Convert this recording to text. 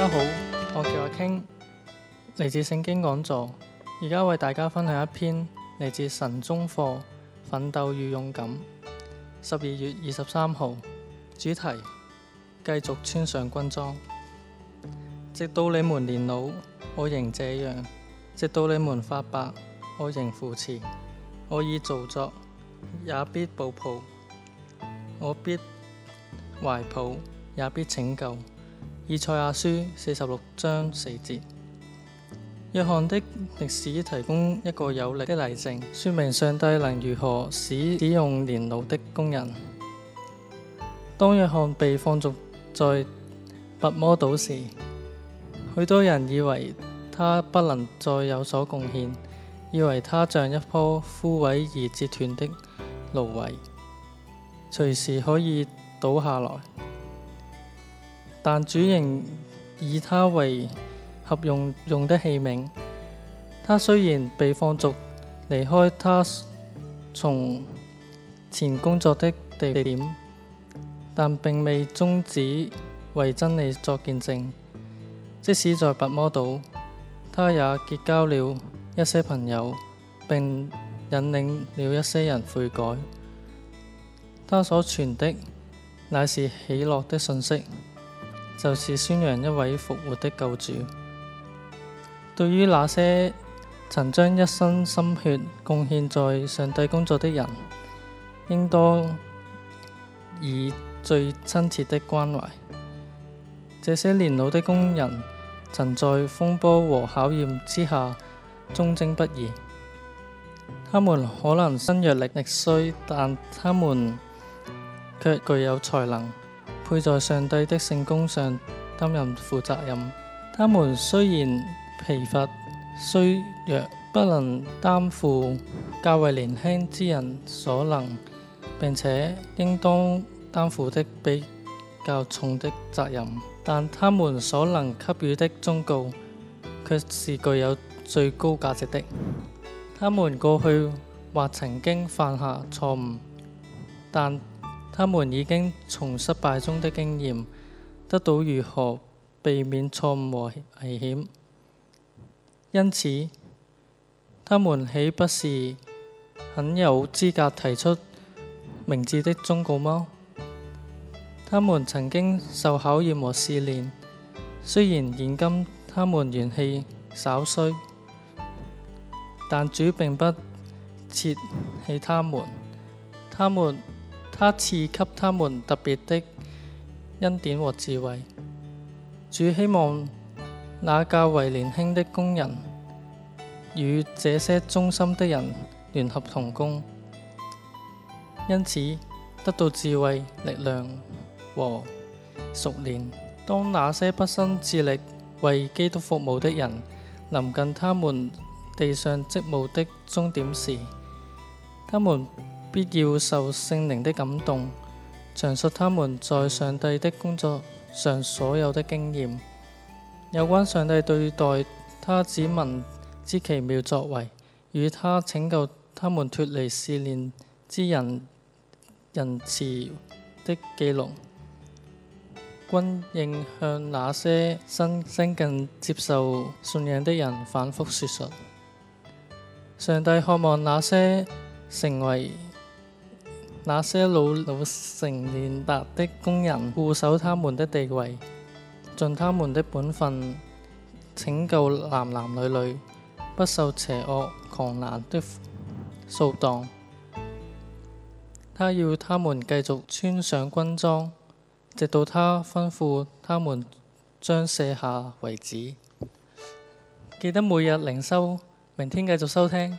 大家好，我叫阿卿，嚟自聖經講座，而家為大家分享一篇嚟自神中課《奮鬥與勇敢》，十二月二十三號，主題繼續穿上軍裝，直到你們年老，我仍這樣；直到你們髮白，我仍扶持。我已造作，也必保抱；我必懷抱，也必拯救。以賽亞書四十六章四節，約翰的歷史提供一個有力的例證，說明上帝能如何使使用年老的工人。當約翰被放逐在拔摩島時，許多人以為他不能再有所貢獻，以為他像一棵枯萎而折斷的蘆葦，隨時可以倒下來。但主仍以他為合用用的器皿。他雖然被放逐，離開他從前工作的地點，但並未終止為真理作見證。即使在拔摩島，他也結交了一些朋友，並引領了一些人悔改。他所傳的乃是喜樂的信息。就是宣揚一位復活的救主。對於那些曾將一生心血貢獻在上帝工作的人，應當以最親切的關懷。這些年老的工人曾在風波和考驗之下忠貞不移。他們可能身弱力力衰，但他們卻具有才能。配在上帝的聖工上擔任負責任，他們雖然疲乏、衰弱，不能擔負較為年輕之人所能並且應當擔負的比較重的責任，但他們所能給予的忠告，却是具有最高價值的。他們過去或曾經犯下錯誤，但他們已經從失敗中的經驗得到如何避免錯誤和危險，因此他們豈不是很有資格提出明智的忠告嗎？他們曾經受考驗和試煉，雖然現今他們元氣稍衰，但主並不切棄他們，他們。他賜給他們特別的恩典和智慧，主希望那較為年輕的工人與這些忠心的人聯合同工，因此得到智慧、力量和熟練。當那些畢生致力為基督服務的人臨近他們地上職務的終點時，他們。必要受聖靈的感動，詳述他們在上帝的工作上所有的經驗，有關上帝對待祂子民之奇妙作為，與祂拯救他們脫離試煉之人仁慈的記錄，均應向那些新近接受信仰的人反覆説述。上帝渴望那些成為。那些老老成年達的工人，固守他們的地位，盡他們的本分，拯救男男女女，不受邪惡狂瀾的掃蕩。他要他們繼續穿上軍裝，直到他吩咐他們將卸下為止。記得每日靈修，明天繼續收聽。